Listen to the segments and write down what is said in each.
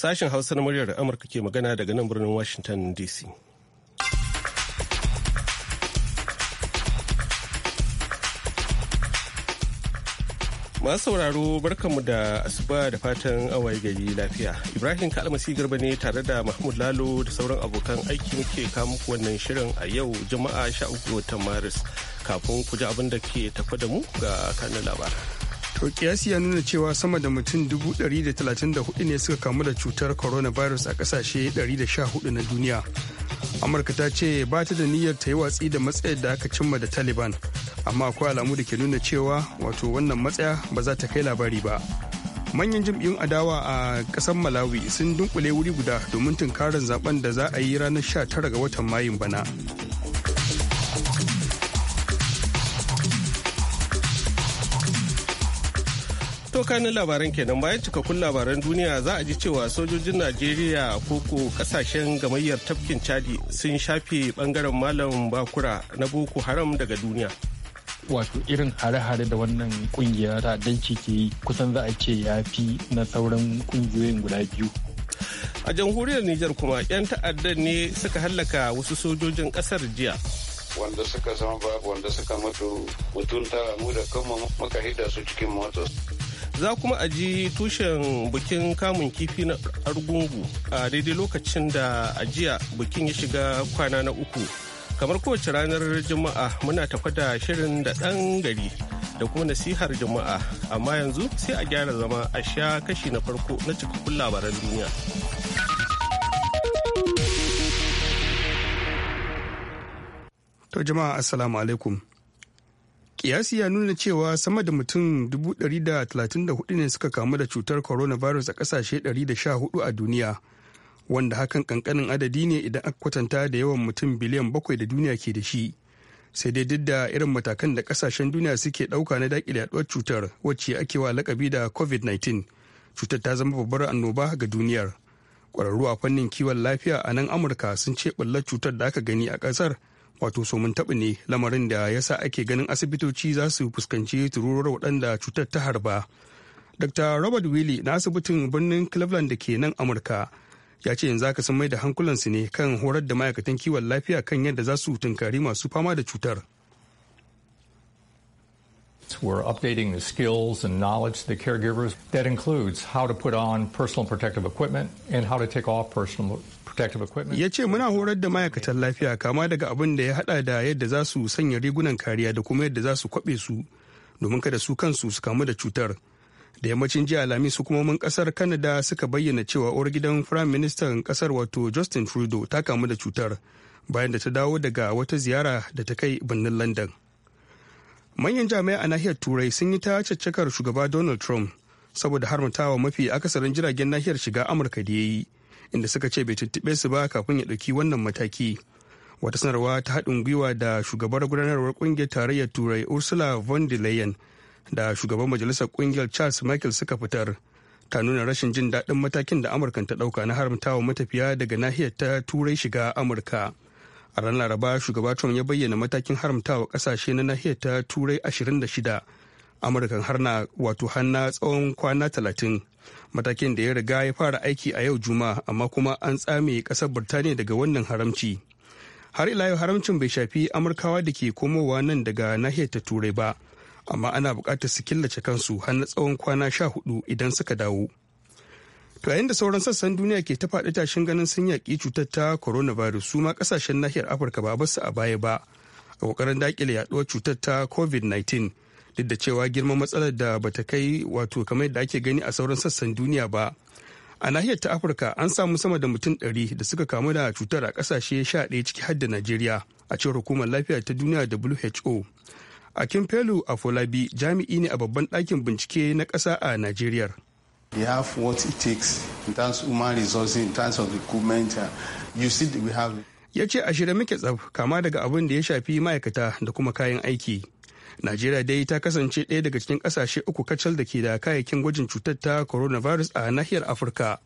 Sashen Hausa na muryar Amurka ke magana daga nan birnin Washington DC. Masu sauraro barkanmu da asuba da fatan awaye gari lafiya. Ibrahim Kalmasi Garba ne tare da Mahmud Lalo da sauran abokan aiki muke kawo wannan shirin a yau Juma'a 13 watan Maris. Kafin ku ji abin da ke tafa da mu ga kanin labarai. To kiyasi ya nuna cewa sama da mutum 134 ne suka kamu da cutar coronavirus a kasashe 114 na duniya. Amurka ta ce ba ta da niyyar ta yi watsi da matsayar da aka cimma da Taliban, amma akwai alamu da ke nuna cewa wato wannan matsaya ba za ta kai labari ba. manyan jam'iyyun adawa a kasar malawi sun dunkule wuri guda domin tunkarar zaben da za a yi ranar 19 ga watan mayun bana To kanin labaran kenan bayan cikakkun labaran duniya za a ji cewa sojojin Najeriya koko kasashen gamayyar tafkin Chadi sun shafe bangaren malam bakura na Boko Haram daga duniya. Wato irin hare-hare da wannan kungiya ta danci ke kusan za a ce ya fi na sauran kungiyoyin guda biyu. A jamhuriyar Nijar kuma 'yan ta'addan ne suka hallaka wasu sojojin kasar jiya. Wanda suka zama ba wanda suka mutu mutunta mu da kanmu muka hida su cikin motos. za kuma a ji tushen bikin kamun kifi na argungu a daidai lokacin da a jiya bikin ya shiga kwana na uku kamar kowace ranar juma'a muna tafa da shirin da ɗan gari da kuma nasihar juma'a amma yanzu sai a gyara zama a sha kashi na farko na cikakkun labaran duniya to jama'a assalamu alaikum Kiyasi ya nuna cewa sama da mutum 134 ne suka kamu da cutar coronavirus a kasashe 114 a duniya, wanda hakan kankanin adadi ne idan aka kwatanta da yawan mutum biliyan bakwai da duniya ke da shi. Sai dai duk da irin matakan da kasashen duniya suke ɗauka na daƙile yaduwar cutar wacce ake wa lakabi da COVID-19, cutar ta zama babbar annoba ga duniyar. Ƙwararru a fannin kiwon lafiya a nan Amurka sun ce ɓullar cutar da aka gani a ƙasar wato ne lamarin da ya sa ake ganin asibitoci za su fuskanci waɗanda cutar ta harba dr robert na asibitin birnin cleveland da ke nan amurka ya ce yanzu aka san mai da hankulansu ne kan horar da ma'aikatan kiwon lafiya kan yadda za su tunkari masu fama da cutar We're updating the skills and knowledge of the caregivers. That includes how to put on personal protective equipment and how to take off personal ya ce muna horar da ma'aikatan lafiya kama daga abin da ya hada da yadda za su sanya rigunan kariya da kuma yadda za su kwabe su domin kada su kansu su kamu da cutar da yammacin jiya alhamis hukumomin kasar kanada suka bayyana cewa uwar gidan firayim ministan kasar wato justin trudeau ta kamu da cutar bayan da ta dawo daga wata ziyara da ta kai birnin london manyan jami'ai a nahiyar turai sun yi ta caccakar shugaba donald trump saboda harmatawa mafi akasarin jiragen nahiyar shiga amurka da ya yi inda suka ce bai tuntube su ba kafin ya ɗauki wannan mataki wata sanarwa ta haɗin gwiwa da shugabar gudanarwar ƙungiyar tarayyar turai ursula von der leyen da shugaban majalisar ƙungiyar charles michael suka fitar ta nuna rashin jin daɗin matakin da Amurka ta ɗauka na haramtawa matafiya daga nahiyar ta turai shiga amurka a ranar laraba shugaba trump ya bayyana matakin haramtawa ƙasashe na nahiyar ta turai shida. amurkan har na wato hanna tsawon kwana talatin matakin da ya riga ya fara aiki a yau juma'a amma kuma an tsame kasar birtaniya daga wannan haramci har ila yau haramcin bai shafi amurkawa da ke komowa nan daga nahiyar ta turai ba amma ana buƙatar su killace kansu har na tsawon kwana sha hudu idan suka dawo to yayin da sauran sassan duniya ke ta faɗi tashin ganin sun yaƙi cutar ta coronavirus su ma ƙasashen nahiyar afirka ba basu a baya ba a ƙoƙarin daƙile yaɗuwar cutar ta covid-19 duk da cewa girman matsalar da bata kai wato kamar yadda ake gani a sauran sassan duniya ba a nahiyar ta afirka an samu sama da mutum 100 da suka kamu da cutar a kasashe 11 ciki hadda da najeriya a cewar hukumar lafiya ta duniya who a kimfelu folabi jami'i ne a babban ɗakin bincike na ƙasa a najeriya They have what it takes in terms of human resources, in terms of equipment. Uh, you see, we have. Ya ce a shirya muke tsaf kama daga abin da ya shafi ma'aikata da kuma kayan aiki. najeriya dai ta kasance ɗaya daga cikin ƙasashe uku kacal da ke da kayayyakin gwajin cutar ta coronavirus a nahiyar afirka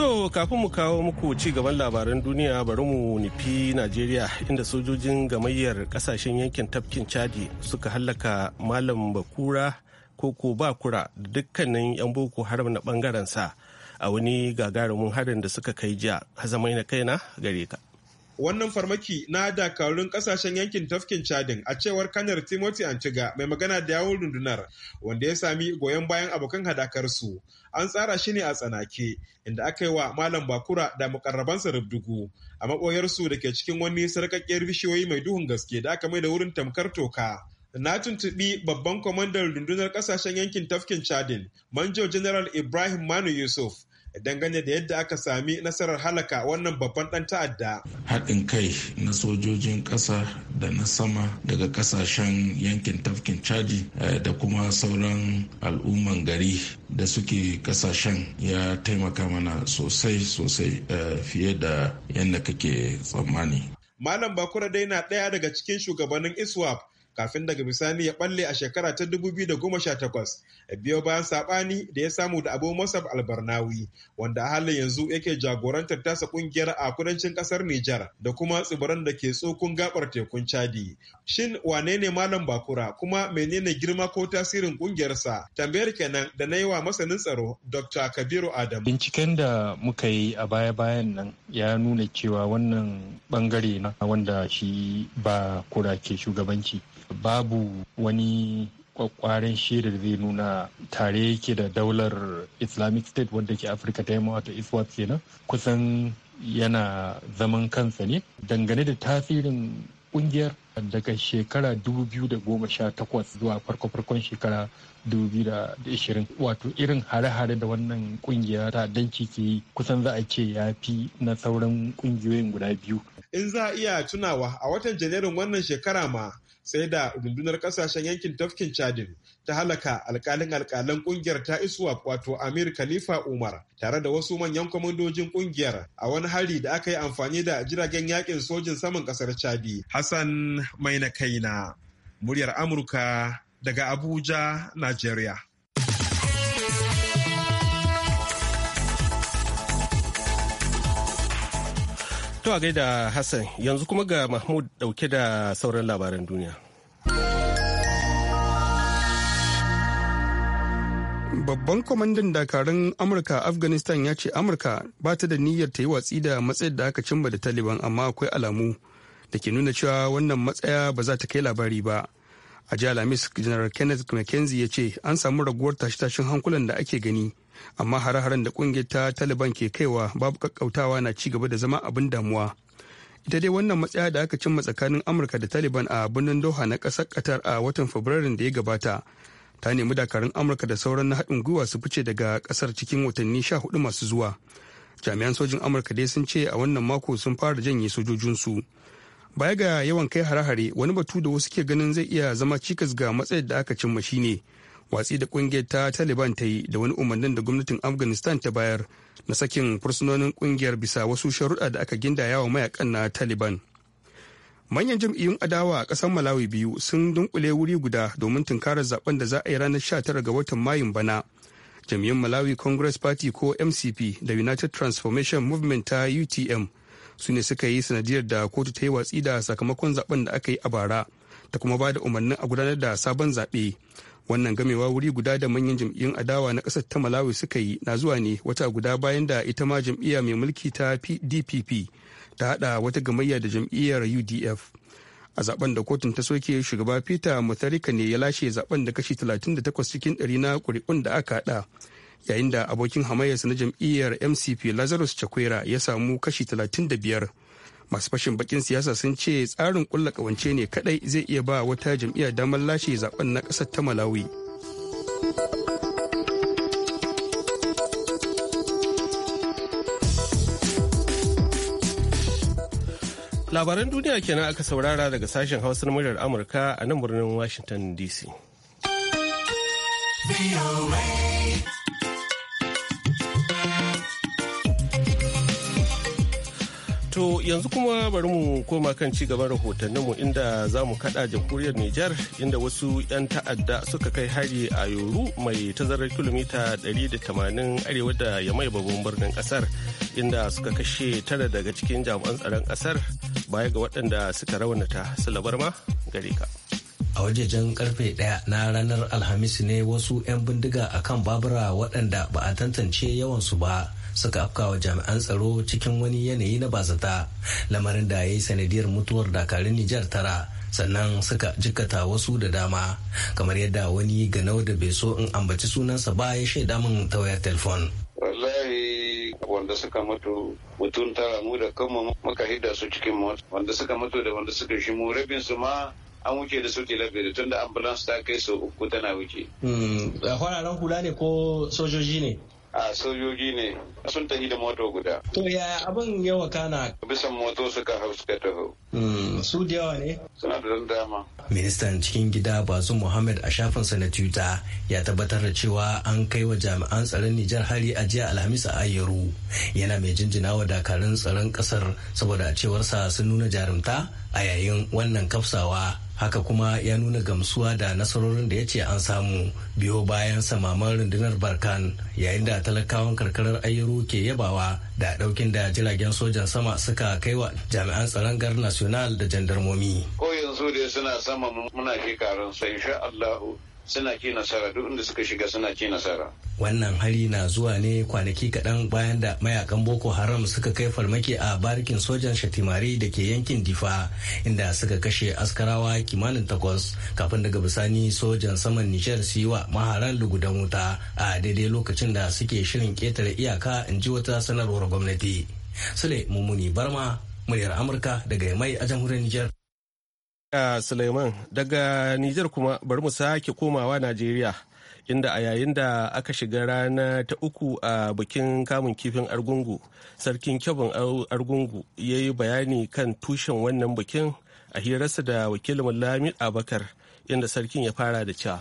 To kafin mu kawo muku ci gaban labaran duniya bari mu nufi Najeriya inda sojojin gamayyar kasashen yankin tafkin Chadi suka hallaka Malam Bakura ko ko Bakura da dukkanin 'yan Boko Haram na bangaren sa a wani gagarumin harin da suka kai jiya hazamai na kaina gare ka wannan farmaki na dakarun kasashen yankin tafkin chadin a cewar kanar timothy antiga mai magana da yawon rundunar wanda ya sami goyon bayan abokan hadakarsu an tsara shi ne a tsanake inda aka yi wa malam bakura da mukarrabansa rubdugu a maboyarsu da ke cikin wani sarkakkiyar bishiyoyi mai duhun gaske da aka mai da wurin tamkar toka na tuntuɓi babban kwamandan rundunar kasashen yankin tafkin chadin manjo general ibrahim manu yusuf dangane da yadda aka sami nasarar halaka wannan babban ɗan ta'adda. Haɗin kai na sojojin ƙasa da na sama daga ƙasashen yankin tafkin caji eh, da kuma sauran al'umman gari da suke ƙasashen ya taimaka mana sosai sosai eh, fiye da yadda kake tsammani. Malam Bakura dai na ɗaya daga cikin shugabannin ISWAP kafin daga bisani ya balle a shekara ta 2018 biyo bayan sabani da ya samu da abu masab albarnawi wanda a halin yanzu yake jagorantar tasa kungiyar a kudancin kasar Nijar da kuma tsibiran da ke tsokun gabar tekun Chadi. Shin wane ne Malam Bakura kuma menene girma ko tasirin kungiyarsa? Tambayar kenan da na yi wa masanin tsaro Dr. Kabiru Adam. Binciken da muka yi a baya-bayan nan ya nuna cewa wannan bangare na wanda shi ba kura ke shugabanci babu wani kwakwaren shaidar zai nuna tare yake da daular islamic state wadda ke afirka ta yamma iswat iswap kenan kusan yana zaman kansa ne dangane da tasirin kungiyar daga shekara 2018 zuwa farko-farkon shekara 2020 wato irin hare-hare da wannan kungiya ta danci ke yi kusan za a ce ya fi na sauran kungiyoyin guda biyu. In za a iya tunawa a watan Janairun wannan shekara ma sai da rundunar kasashen yankin tafkin chadin ta halaka alkalin alkalan kungiyar ta iswa wato amir khalifa umar tare da wasu manyan kwamandojin kungiyar a wani hari da aka yi amfani da jiragen yakin sojin saman kasar chadi hassan mai na kaina muryar amurka daga abuja nigeria To a gaida Hassan yanzu kuma ga Mahmud dauke da sauran labaran duniya. Babban kwamandan dakarun Amurka Afghanistan ya ce Amurka ba ta da niyyar ta yi watsi da matsayar da aka cimma da Taliban amma akwai alamu da ke nuna cewa wannan matsaya ba za ta kai labari ba. A jihar lamis General Kenneth McKenzie ya ce an samu raguwar tashe-tashen hankulan da ake gani amma hare-haren da kungiyar ta taliban ke kaiwa babu kakkautawa na ci gaba da zama abin damuwa ita dai wannan matsaya da aka cimma tsakanin amurka da taliban a birnin doha na ƙasar qatar a watan fabrairun da ya gabata ta nemi dakarun amurka da sauran na haɗin gwiwa su fice daga ƙasar cikin watanni sha hudu masu zuwa jami'an sojin amurka dai sun ce a wannan mako sun fara janye sojojinsu baya ga yawan kai hare-hare wani batu da wasu ke ganin zai iya zama cikas ga matsayar da aka cimma shine watsi da kungiyar ta taliban ta yi da wani umarnin da gwamnatin afghanistan ta bayar na sakin fursunonin kungiyar bisa wasu sharuɗa da aka gindaya wa mayakan na taliban manyan jam'iyyun adawa a ƙasar malawi biyu sun dunkule wuri guda domin tunkarar zaben da za a yi ranar 19 ga watan mayun bana jam'iyyun malawi congress party ko mcp da united transformation movement ta utm su ne suka yi sanadiyar da kotu ta yi watsi da sakamakon zaben da aka yi a bara ta kuma ba da umarnin a gudanar da sabon zaɓe wannan gamewa wuri guda da manyan jam'iyyun adawa na ƙasar ta malawi suka yi na zuwa ne wata guda bayan da ita ma jam'iyya mai mulki ta dpp ta hada wata gamayya da jam'iyyar udf a zaben da kotun ta soke shugaba peter mutharika ne ya lashe zaben da kashi 38 cikin 100 na kuri'un da aka haɗa yayin da abokin hamayyarsa na jam'iyyar mcp lazarus chakwera ya samu kashi 35 masu fashin bakin siyasa sun ce tsarin kulla kawance ne kadai zai iya ba wata jam'iyya damar lashe zaben na kasar ta malawi labaran duniya kenan aka saurara daga sashen hausa na muryar amurka a nan birnin washington dc To yanzu kuma bari mu koma kan ci gaban rahotanninmu inda za mu kada jamhuriyar Nijar inda wasu 'yan ta'adda suka kai hari a Yoru mai tazarar kilomita 180 arewa da yamai babban birnin kasar inda suka kashe tara daga cikin jami'an tsaron kasar baya ga waɗanda suka raunata su labarma gare ka. a wajejen karfe daya na ranar alhamis ne wasu 'yan bindiga akan babura waɗanda ba a tantance yawansu ba suka afkawa jami'an tsaro cikin wani yanayi na bazata lamarin da ya yi sanadiyar mutuwar dakarun nijar tara sannan suka jikata wasu da dama kamar yadda wani ganau da bai so in ambaci sunansa ba ya shaida min ta wayar telefon. wallahi wanda suka mutu mutum tara mu da kanmu muka hidda su cikin mota wanda suka mutu da wanda suka shi mu rabin su ma an wuce da su tilabiri tunda ambulance ta kai su uku tana wuce. Hmm, a fararen hula ne ko sojoji ne? a sojoji ne sun tafi da moto guda. To ya abin yawa kana? Bisan moto suka hau suka taho. Hmm, su da yawa ne? Suna da dama. Ministan cikin gida Bazu Mohammed a shafin sa na Twitter ya tabbatar da cewa an kai wa jami'an tsaron Nijar hari a jiya Alhamis a Ayyaru. Yana mai jinjina wa dakarun tsaron kasar saboda cewarsa sun nuna jarumta a yayin wannan kafsawa. haka kuma ya nuna gamsuwa da nasarorin da ya ce an samu biyo bayan samaman rundunar barkan yayin da talakawan karkarar ayyaro ke yabawa da daukin da jiragen sojan sama suka kai wa jami'an tsaron gar national da jandarmomi ko yanzu dai suna sama muna karin sai insha allahu suna ci nasara duk inda suka shiga suna ci nasara. Wannan hari na zuwa ne kwanaki kaɗan bayan da mayakan Boko Haram suka kai farmaki a barikin sojan Shatimari da ke yankin Difa inda suka kashe askarawa kimanin takwas kafin daga bisani sojan saman Nijar su yi wa maharan lugudan wuta a daidai lokacin da suke shirin ƙetare iyaka in ji wata sanarwar gwamnati. Sule Mumuni Barma, muryar Amurka daga mai a jamhuriyar Nijar. Uh, Suleiman daga Nijar kuma bari mu sake komawa Najeriya inda a yayin da aka shiga rana ta uku a bikin kamun kifin argungu sarkin kyabin argungu ya yi bayani kan tushen wannan bikin a hirarsa da wakilin lami abakar inda sarkin ya fara da cewa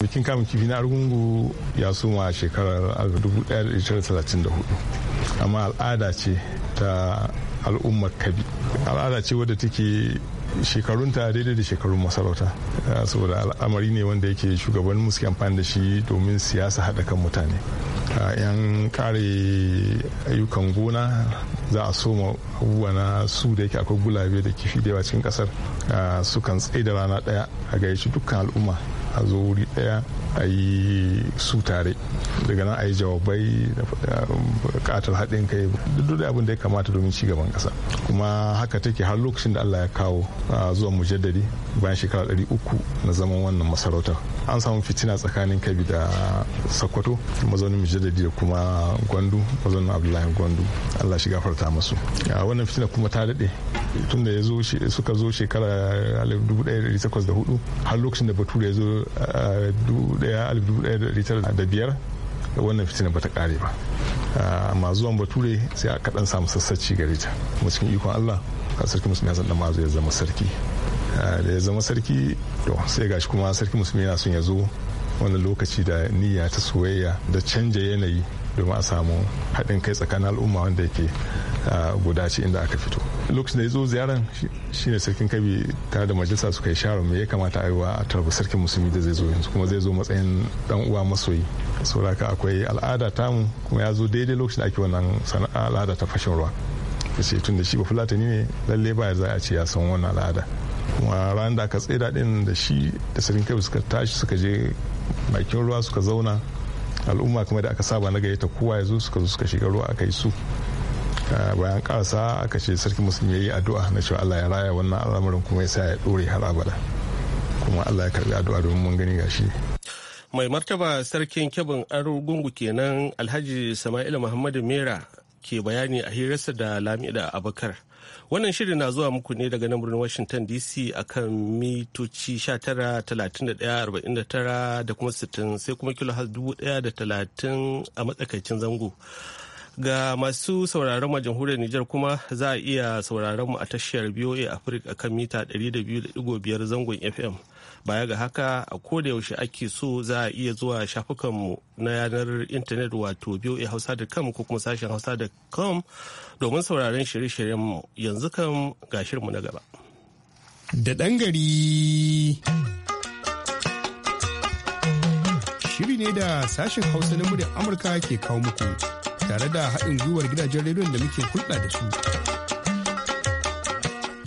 bikin kamun kifi na argungu ya suma shekarar 1934 amma al'ada ce ta al'ummar kabi al'ada ce wadda take shekarunta daidai da shekarun masarauta eh, saboda al'amari ne wanda yake shugaban musu amfani da shi domin siyasa haɗa kan mutane yan eh, kare ayyukan gona za a soma abubuwa na su da yake akwai gulabe da kifi da yawa cikin kasar eh, sukan tsaye da rana ɗaya a gayyaci dukkan al'umma a zo wuri daya a yi su tare daga nan a yi jawabai bukatar haɗin kai duk da abin da ya kamata domin ci gaban ƙasa kuma haka take har lokacin da allah ya kawo zuwa mujaddadi bayan shekara ɗari uku na zaman wannan masarautar an samu fitina tsakanin kabi da sokoto mazaunin mujaddadi da kuma gwandu mazaunin abdullahi gwandu allah shi gafarta masu wannan fitina kuma ta daɗe tun da suka zo shekara 1804 har lokacin da bature ya zo biyar wannan fitina ta kare ba ah, amma zuwan bature sai a kaɗan samu sassaci gare ta kuma cikin ikon allah a sarki musulmi hassan dan ya zama sarki ah, da ya zama sarki to sai gashi kuma sarki musulmi yana son ya zo wani lokaci da niyya ta soyayya da canja yanayi domin a samu haɗin kai tsakanin al'umma wanda yake ah, gudace inda aka fito lokacin da ya zo ziyaran shine sarkin kabi tare da majalisa suka yi sharon me ya kamata a yi wa tarbi sarkin musulmi da zai zo yanzu kuma zai zo matsayin dan uwa masoyi sauraka akwai al'ada tamu kuma ya zo daidai lokacin da ake wannan sana'a al'ada ta fashin ruwa ce tun da shi ba fulatani ne lalle ba za a ce ya san wannan al'ada kuma ranar da aka tsira din da shi da sarkin kabi suka tashi suka je bakin ruwa suka zauna al'umma kuma da aka saba na gayyata kowa ya zo suka zo suka shiga ruwa aka yi su bayan ƙasa aka ce sarki musulmi ya yi addu'a na cewa allah ya raya wannan al'amarin kuma ya sa ya ɗore har abada kuma allah ya karbi addu'a domin mun gani gashi mai martaba sarkin kebin gungu kenan alhaji sama'il muhammadu mera ke bayani a hirarsa da lamida abakar wannan shirin na zuwa muku ne daga nan birnin washington dc akan mitoci 19,31,49 da kuma 60 sai kuma kilo 1,030 a matsakaicin zango Ga masu sauraron mu jamhuriyar Nijar kuma za a iya sauraron mu a tashar BOA Africa kan mita 200.5 zangon FM. Baya ga haka a koda yaushe ake so za a iya zuwa shafukanmu na yanar intanet wato boahausa.com ko kuma sashen hausa.com domin sauraron shirye-shiryenmu yanzu kan ga shirinmu na gaba. Da ɗan gari. Shiri ne da sashen hausa na muryar Amurka ke kawo muku. tare da haɗin gwiwar gidajen rediyon da muke hulɗa da su.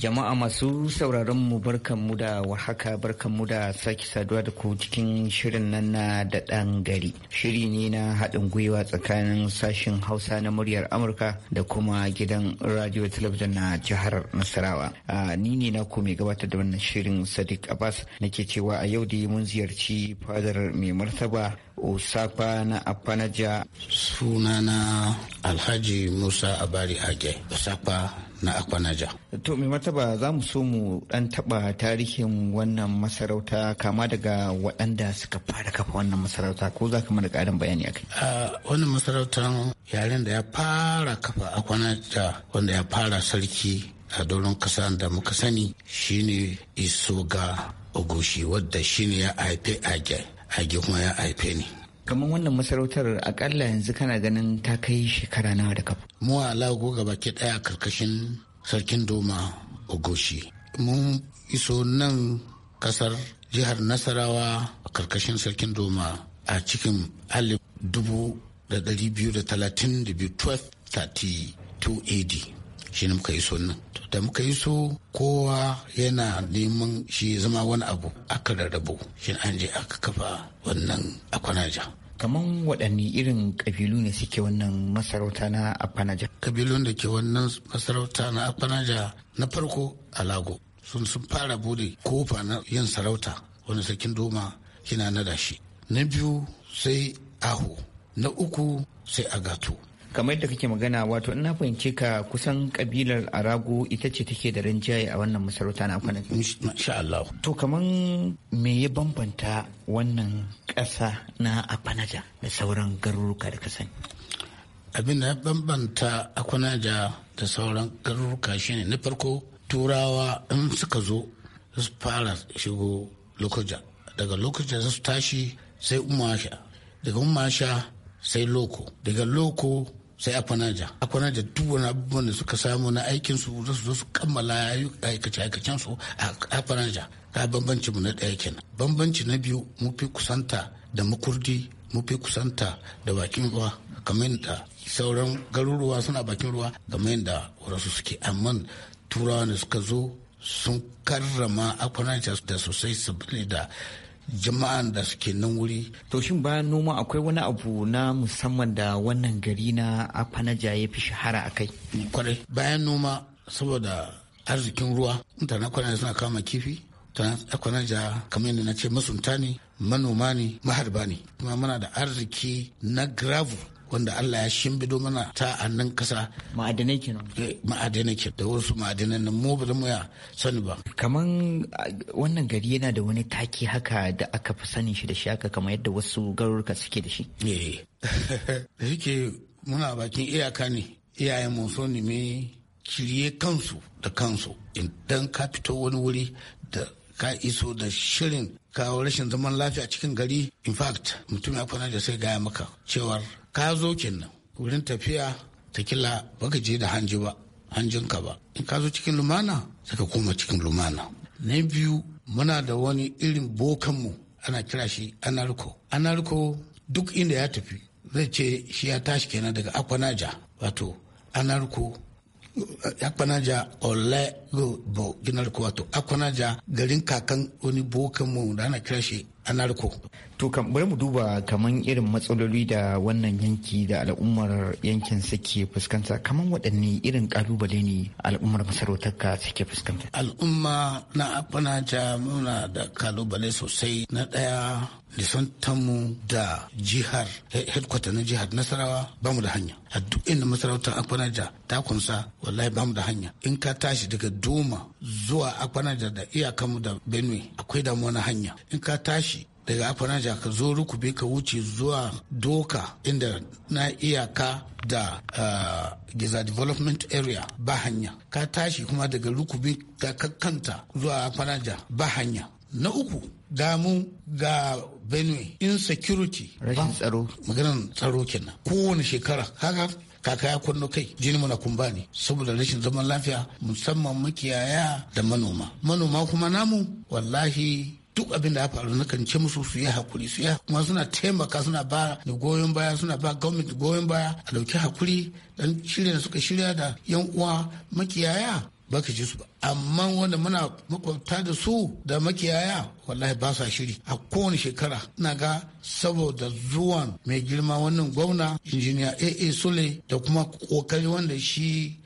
Jama'a masu sauraron mu mu da warhaka mu da sake saduwa da ku cikin shirin nan na da ɗan gari. Shiri ne na haɗin gwiwa tsakanin sashen Hausa na muryar Amurka da kuma gidan radio talabijin na jihar Nasarawa. Ni ne na mai gabatar da wannan shirin Sadiq Abbas nake cewa a yau dai mun ziyarci fadar mai martaba Usafa na Afanaja. Sunana Alhaji Musa Abari Hage. Usafa na akwanaja to mai martaba za mu so mu ɗan taɓa tarihin wannan masarauta kama daga waɗanda suka fara kafa wannan masarauta ko za ka mana ƙarin bayani akai wannan masarautar yaren da ya fara kafa akwanaja wanda ya fara sarki a doron kasa da muka sani shine ga ogushi wadda shine ya haife age age kuma ya haife ni kamar wannan masarautar akalla yanzu kana ganin ta kai shekara nawa da kafa mu a lagu gaba ke daya karkashin sarkin doma ogoshi mun iso nan kasar jihar nasarawa a karkashin sarkin doma a cikin alif dubu da dari biyu da talatin da biyu 12:32 AD shi ne muka iso nan da muka yi so, kowa yana neman shi zama wani abu aka rarrabu shi an je aka kafa wannan akwanaja kaman waɗanne irin ƙabilu ne suke wannan masarauta na afanaja ƙabilun da ke wannan masarauta na afanaja na farko a lago sun sun fara bude kofa na yin sarauta wani sarkin doma na nada shi na biyu sai aho na uku sai gato. kamar da kake magana wato ina fahimce ka kusan kabilar arago ita ce take da rinjaye a wannan masarauta na kwanan insha Allah to kaman me ya bambanta wannan ƙasa na afanaja da sauran garuruka da ka sani abin da ya bambanta akwanaja da sauran garuruka shine na farko turawa in suka zo su fara shigo lokaja daga lokaja su tashi sai umasha daga umasha sai loko daga loko sai a fanaja a fanaja duk wani abubuwan da suka samu na aikin su za su zo su kammala aikace aikacen su a fanaja ka bambanci mu na ɗaya kenan bambanci na biyu mu fi kusanta da makurdi mu fi kusanta da bakin ruwa kamar yadda sauran garuruwa suna bakin ruwa kamar yadda wasu suke amma turawa da suka zo sun karrama akwanaita da sosai saboda jama'an da suke nan wuri. To shin bayan noma akwai wani abu na musamman da wannan gari na Afanaja ya fi shahara a kai? Kwarai bayan noma saboda arzikin ruwa mutane kwanaja suna kama kifi kwanaja kamar yadda na ce masunta ne manoma ne maharba ne kuma muna da arziki na gravel wanda Allah ya shimbido mana ta a nan kasa ma'adanai kenan eh, ma'adanai ke da wasu ma'adanan nan mu ba mu ya sani ba kaman wannan gari yana da wani taki haka da aka fi sani shi da shi haka kamar yadda wasu garuruka suke da shi eh da yake muna bakin iyaka ne iyayen mu so ne me kirye kansu da kansu idan ka fito wani wuri da ka iso da shirin kawo rashin zaman lafiya cikin gari in fact mutum ya kwana da sai gaya maka cewar ka zo kenan wurin tafiya ta kila baka je da hanji ba hanjinka ba in ka zo cikin lumana sai ka koma cikin lumana na biyu muna da wani irin bokanmu ana kira shi anarko anarko duk inda ya tafi zai ce shi ya tashi kenan daga akwanaja wato anarko akwanaja ole bo ginarko wato akwanaja garin kakan wani bokanmu da ana kira shi anarko To kan bari mu duba kaman irin matsaloli da wannan yanki da al'ummar yankin suke fuskanta kaman waɗanne irin kalubale ne al'ummar masarautar ka suke fuskanta. Al'umma na afanaja muna da kalubale sosai na ɗaya nisantanmu da jihar headquarter na jihar Nasarawa ba mu da hanya. A duk inda masarautar afanaja ta kunsa wallahi ba mu da hanya. In ka tashi daga Doma zuwa akwanaja da iyakanmu da Benue akwai damuwa na hanya. In ka tashi daga afanaja ka zo rukube ka wuce zuwa doka inda na iyaka da uh, giza development area ba hanya ka tashi kuma daga rukube ka kakkanta zuwa afanaja ba hanya na uku damu ga benue insecurity rashin tsaro maganar tsaro kenan kowane shekara haka kaka ya kunno kai jini muna kumba ne saboda rashin zaman lafiya musamman makiyaya da manoma manoma kuma namu wallahi duk abin da ya faru na kan ce musu su yi hakuri su yi kuma suna taimaka suna ba da goyon baya suna ba gwamnati goyon baya a dauki hakuri dan shirya da suka shirya da yan uwa makiyaya ba ka ji su ba amma wanda muna makwabta da su da makiyaya wallahi ba sa shiri a kowane shekara na ga saboda zuwan mai girma wannan gwamna injiniya aa sule da kuma kokari wanda shi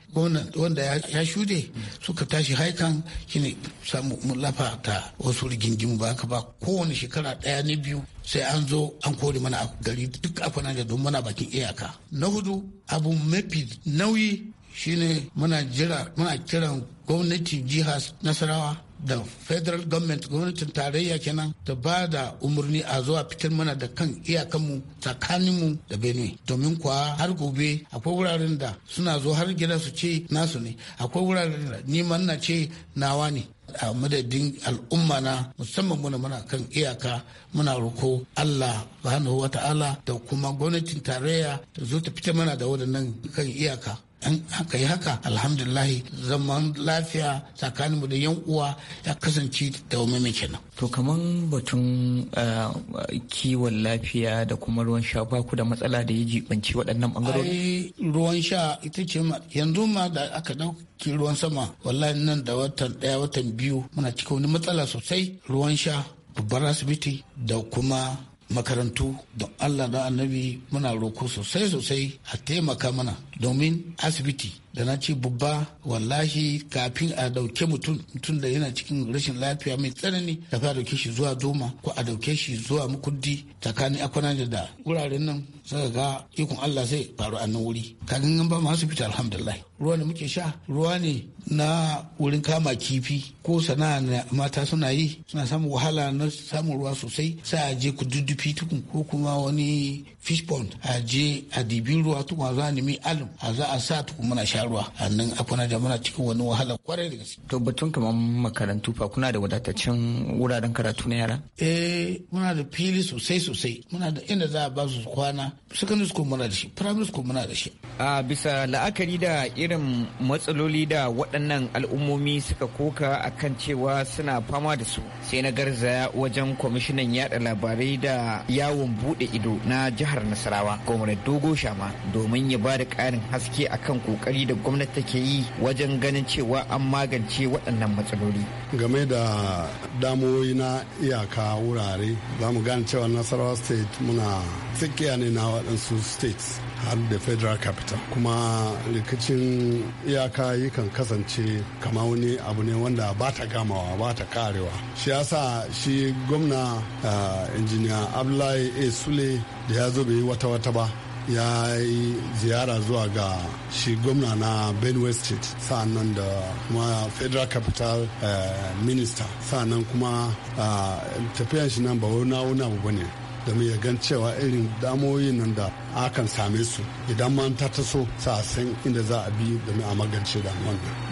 wanda ya shude suka tashi haikan shine samu mulafa ta wasu rigingimu ba ka ba kowane shekara daya ne biyu sai an zo an kori mana a gari duk afanan da don mana bakin iyaka na hudu abu mafi nauyi shine muna jira muna kiran gwamnati jihar nasarawa da federal government gwamnatin tarayya kenan ta ba da umarni a zuwa fitar mana da kan iyakanmu tsakaninmu da benin domin kuwa har gobe akwai wuraren da suna zo har gida su ce nasu ne akwai wuraren da neman na ce nawa ne a madadin al'umma na musamman muna muna kan iyaka muna roko Allah Ba wa ta'ala da kuma gwamnatin tarayya ta zo ta fitar mana da waɗannan kan iyaka An haka yi haka alhamdulillahi zaman lafiya tsakanin mu da yan uwa ya kasance da wani kenan to kaman batun eh, kiwon lafiya da kuma ruwan sha ba ku da matsala da ya jibanci waɗannan bangarori ruwan sha ita ce yanzu ma da aka ɗauki ruwan sama wallahi nan da watan ɗaya watan biyu muna cikin wani matsala sosai ruwan sha babbar asibiti da kuma makarantu don allah da annabi muna roko sosai sosai a taimaka mana domin asibiti da na ce babba wallahi kafin a dauke mutum mutum da yana cikin rashin lafiya mai tsanani ta a dauke shi zuwa doma ko a dauke shi zuwa mukuddi tsakanin akwanan da wuraren nan saka ga ikon Allah sai faru a nan wuri kagan an ba mu asibiti alhamdulillah ruwa da muke sha ruwa ne na wurin kama kifi ko sana'a mata suna yi suna samun wahala na samun ruwa sosai sai a je kududdufi tukun ko kuma wani fish pond a je a dibin ruwa tukun a za a nemi alum a za a sa tukun muna sha karuwa akwai akuna da muna cikin wani wahala kwarai da gaske to batun kamar makarantu fa kuna da wadataccen wuraren karatu na yara eh muna da fili sosai sosai muna da inda za a ba su kwana secondary school muna da shi primary school muna da shi a bisa la'akari da irin matsaloli da waɗannan al'ummomi suka koka akan cewa suna fama da su sai na garzaya wajen kwamishinan yada labarai da yawon bude ido na jihar nasarawa gwamnati dogo shama domin ya ba da ƙarin haske akan kokari da gwamnati take yi wajen ganin cewa an magance waɗannan matsaloli game da damuwoyi na iyaka wurare za mu gane cewa nasarawa state muna tsakiya ne na waɗansu states har da federal capital kuma rikicin iyaka yi kan kasance kama wani abu ne wanda ba ta gamawa ba ta karewa shi yasa shi gwamna ah, injiniya abdullahi a sule da ya zo bai yi wata-wata ba ya yi ziyara zuwa ga shi gwamna na benue state sa'annan da kuma federal capital eh, minister sa'annan kuma eh, tafiyan shi nan ba wani na ba ne domin ya gan cewa irin damoyin nan da akan same su idan man ta taso sa san inda za a bi domin a magance damuwan nan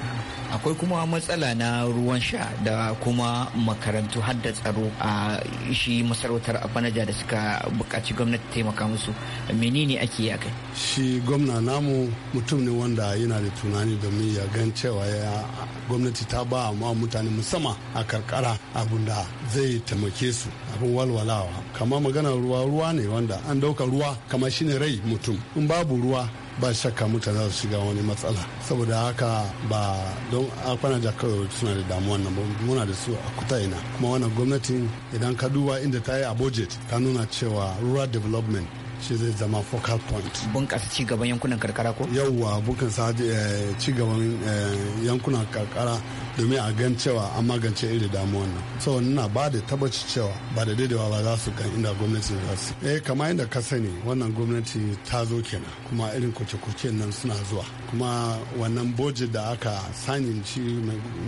akwai kuma matsala na ruwan sha da kuma makarantu hadda tsaro a shi masarautar abanaja da suka bukaci gwamnati taimaka musu menene ake yi kai. shi gwamna namu mutum ne wanda yana da tunani domin ya gan cewa ya gwamnati ta ba ma mutane musamman a karkara abin da zai taimake su abin walwalawa kama magana ruwa ruwa ne wanda an dauka ruwa kama shine rai mutum in babu ruwa ba shakka mutane za su shiga wani matsala saboda haka ba don akwana da kawai suna da damuwan nan muna da su a kuta ina kuma wannan gwamnatin idan ka duba inda ta yi a budget ta nuna cewa rural development shi zai zama focal point bunkasa cigaban yankunan karkara ko yauwa bunkasa eh, cigaban eh, yankunan karkara domin a gan cewa an magance irin damuwan nan so nuna ba da tabbaci cewa ba da daidawa ba za su gan inda gwamnati za su eh kamar yadda ka sani wannan gwamnati ta zo kenan kuma irin kuce-kuce nan suna zuwa kuma wannan boji da aka sani shi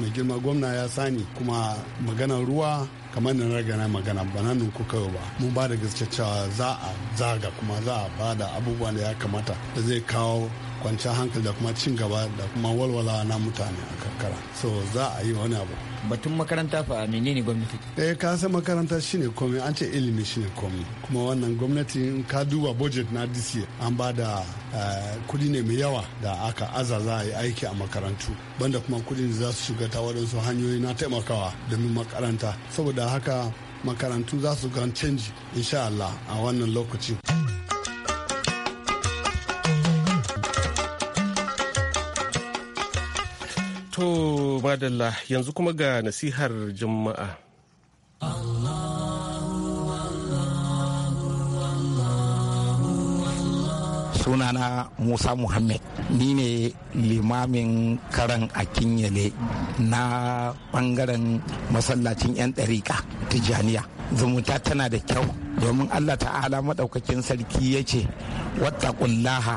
mai girma gwamna ya sani kuma maganar ruwa kamar da na riga na magana bana na nuku kawai ba mun ba da gaske cewa za a zaga kuma za a ba da abubuwan da ya kamata da zai kawo kwanciyar hankali da kuma cin gaba da kuma walwala na mutane a karkara so za a yi wani abu batun makaranta fa menene gwamnati eh ka san makaranta shine komai an ce ilimi shine komai kuma wannan gwamnati in ka duba budget na this year an ba da eh, kudi ne mai yawa da aka aza za a yi aiki a makarantu banda kuma kudin za su shiga ta wadansu hanyoyi na taimakawa domin makaranta saboda haka makarantu za su gan canji insha Allah a wannan lokacin. madalla yanzu kuma ga nasihar juma'a sunana musa muhammad ni ne limamin karan a kinyale na bangaren masallacin 'yan ɗariƙa tijjaniya zumunta tana da kyau domin allah ta'ala maɗaukakin sarki ya ce wata ƙullaha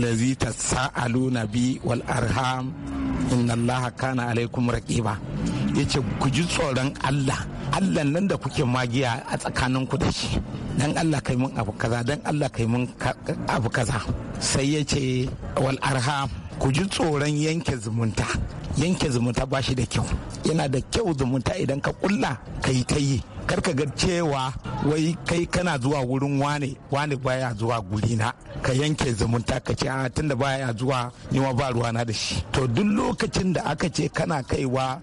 lazi ta sa'alu bi wal arham inna kana alaikum raqiba yace ku ji tsoron Allah Allah nan da kuke magiya a tsakanin ku da shi dan Allah kai mun abu kaza dan Allah kai mun abu kaza sai yace wal arham ku ji tsoron yanke zumunta yanke zumunta ba shi da kyau yana da kyau zumunta idan ka kulla ka yi ta yi karka ga cewa wai kai kana zuwa wurin wane wane baya zuwa guri na ka yanke zumunta ka ce a ah, tunda baya zuwa ni ma ba na da shi to duk lokacin da aka ce kana kaiwa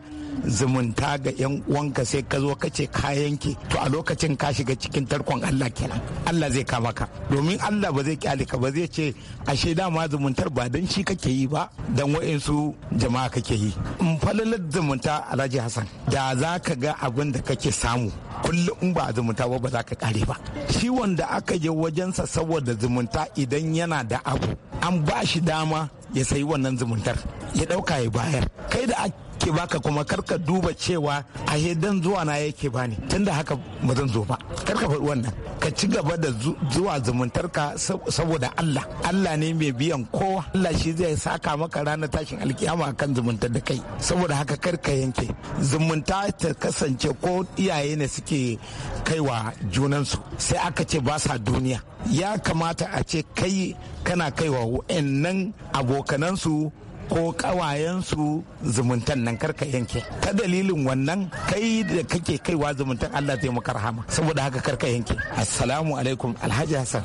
zumunta ga 'yan uwanka sai ka zo kace ka yanke to a lokacin ka shiga cikin tarkon Allah kenan Allah zai kama ka domin Allah ba zai kyale ka ba zai ce ashe dama zumuntar ba dan shi kake yi ba dan wa'insu jama'a kake yi in falalar zumunta Alhaji Hassan da za ka ga abin da kake samu kullum in ba zumunta ba ba za ka kare ba ciwon da aka je wajensa saboda zumunta idan yana da abu an ba shi dama ya sayi wannan zumuntar ya ɗauka ya bayar kai da ake baka kuma karka duba cewa a dan zuwa na yake bani da haka ba zan zo ba karka faɗi wannan ka ci gaba da zuwa zumuntarka saboda Allah Allah ne mai biyan kowa Allah shi zai saka maka ranar tashin alkiyama akan zumuntar da kai saboda haka karka yanke zumunta ta kasance ko iyaye ne suke kaiwa junansu sai aka ce ba sa duniya ya kamata a ce kai kana kaiwa wa'annan abokanansu ko kawayensu zumuntan nan karka yanke ta dalilin wannan kai da kake kaiwa zumuntan Allah zai maka rahama saboda haka karka yanke assalamu alaikum alhaji hassan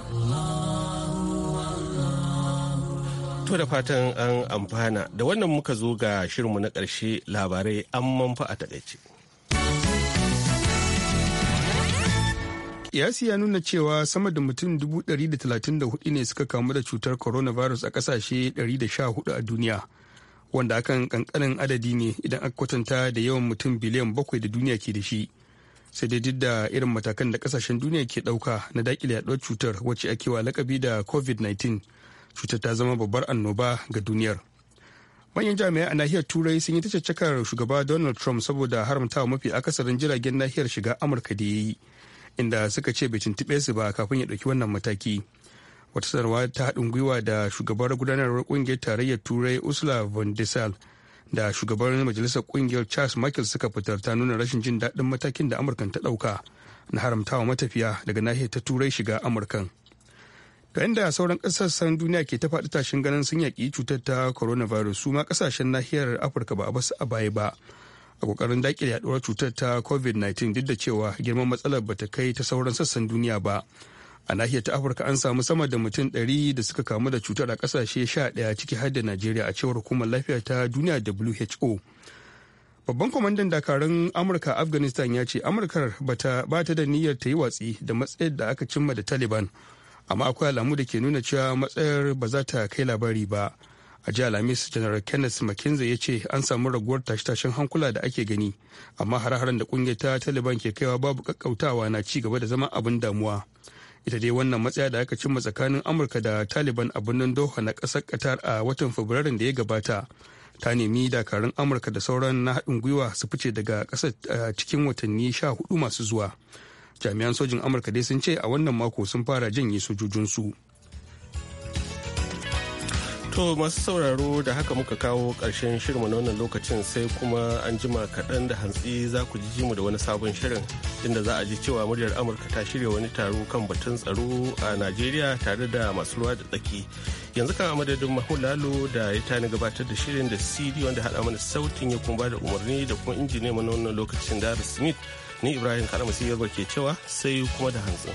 To da fatan an amfana da wannan muka zo ga shirinmu na ƙarshe labarai an manfa a takaice. Kiyasi ya nuna cewa sama da mutum 134 ne suka kamu da cutar coronavirus a kasashe 114 a duniya, wanda akan kankanin adadi ne idan aka kwatanta da yawan mutum biliyan bakwai da duniya ke da shi. Sai dai duk da irin matakan da kasashen duniya ke ɗauka na dakile yaduwar cutar wacce ake wa lakabi da COVID-19, cutar ta zama babbar annoba ga duniyar. manyan jami'ai a nahiyar turai sun yi ta caccakar shugaba donald trump saboda haramtawa mafi akasarin jiragen nahiyar shiga amurka da ya yi inda suka ce bai tuntube su ba kafin ya ɗauki wannan mataki wata sanarwa ta haɗin gwiwa da shugabar gudanarwar ƙungiyar tarayyar turai ursula von der da shugabar majalisar ƙungiyar charles michael suka fitar ta nuna rashin jin daɗin matakin da amurkan ta ɗauka na haramtawa matafiya daga nahiyar ta turai shiga amurkan ga inda sauran ƙasashen duniya ke ta faɗi tashin ganin sun yaƙi cutar ta coronavirus su ma ƙasashen nahiyar afirka ba a basu a baya ba a kokarin dakile yaduwar cutar ta covid-19 duk da cewa girman matsalar bata kai ta sauran sassan duniya ba a nahiyar ta afirka an samu sama da mutum 100 da suka kamu da cutar a kasashe 11 ciki har da najeriya a cewar hukumar lafiya ta duniya who babban kwamandan dakarun amurka afghanistan ya ce amurkar bata ba ta da niyyar ta yi watsi da matsayar da aka cimma da taliban amma akwai alamu da ke nuna cewa matsayar ba za ta kai labari ba a jiya lamis janar kenneth mckinsey ya ce an samu raguwar tashe-tashen hankula da ake gani amma har-haren da kungiyar ta taliban ke kaiwa babu kakkautawa na ci gaba da zama abin damuwa ita dai wannan matsaya da aka cimma tsakanin amurka da taliban a birnin doha na ƙasar qatar a watan fabrairun da ya gabata ta nemi dakarun amurka da sauran na haɗin gwiwa su fice daga ƙasar cikin watanni sha hudu masu zuwa jami'an sojin amurka dai sun ce a wannan mako sun fara janye sojojinsu. su To masu sauraro da haka muka kawo ƙarshen shirin na wannan lokacin sai kuma an jima kaɗan da hantsi za ku ji mu da wani sabon shirin inda za a ji cewa muryar Amurka ta shirya wani taro kan batun tsaro a Najeriya tare da masu ruwa da tsaki. Yanzu kan amadadin mahu Lalo da ya tani gabatar da shirin da CD wanda haɗa mana sautin ya kuma bada umarni da kuma injiniyan mana wannan lokacin da Smith ni Ibrahim Kalamasi Yarba ke cewa sai kuma da hantsi.